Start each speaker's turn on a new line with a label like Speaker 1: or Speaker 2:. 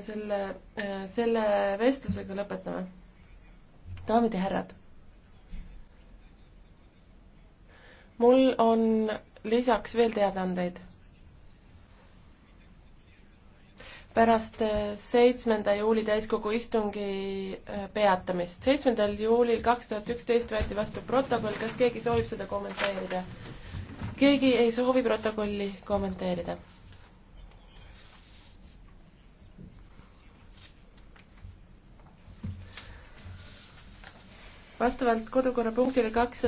Speaker 1: selle, äh, selle vestlusega lõpetame.
Speaker 2: daamid ja härrad.
Speaker 3: mul on lisaks veel teadaandeid. pärast äh, seitsmenda juuli täiskogu istungi äh, peatamist, seitsmendal juulil kaks tuhat üksteist võeti vastu protokoll, kas keegi soovib seda kommenteerida? keegi ei soovi protokolli kommenteerida
Speaker 4: vastavalt kodukorra punktile kakssada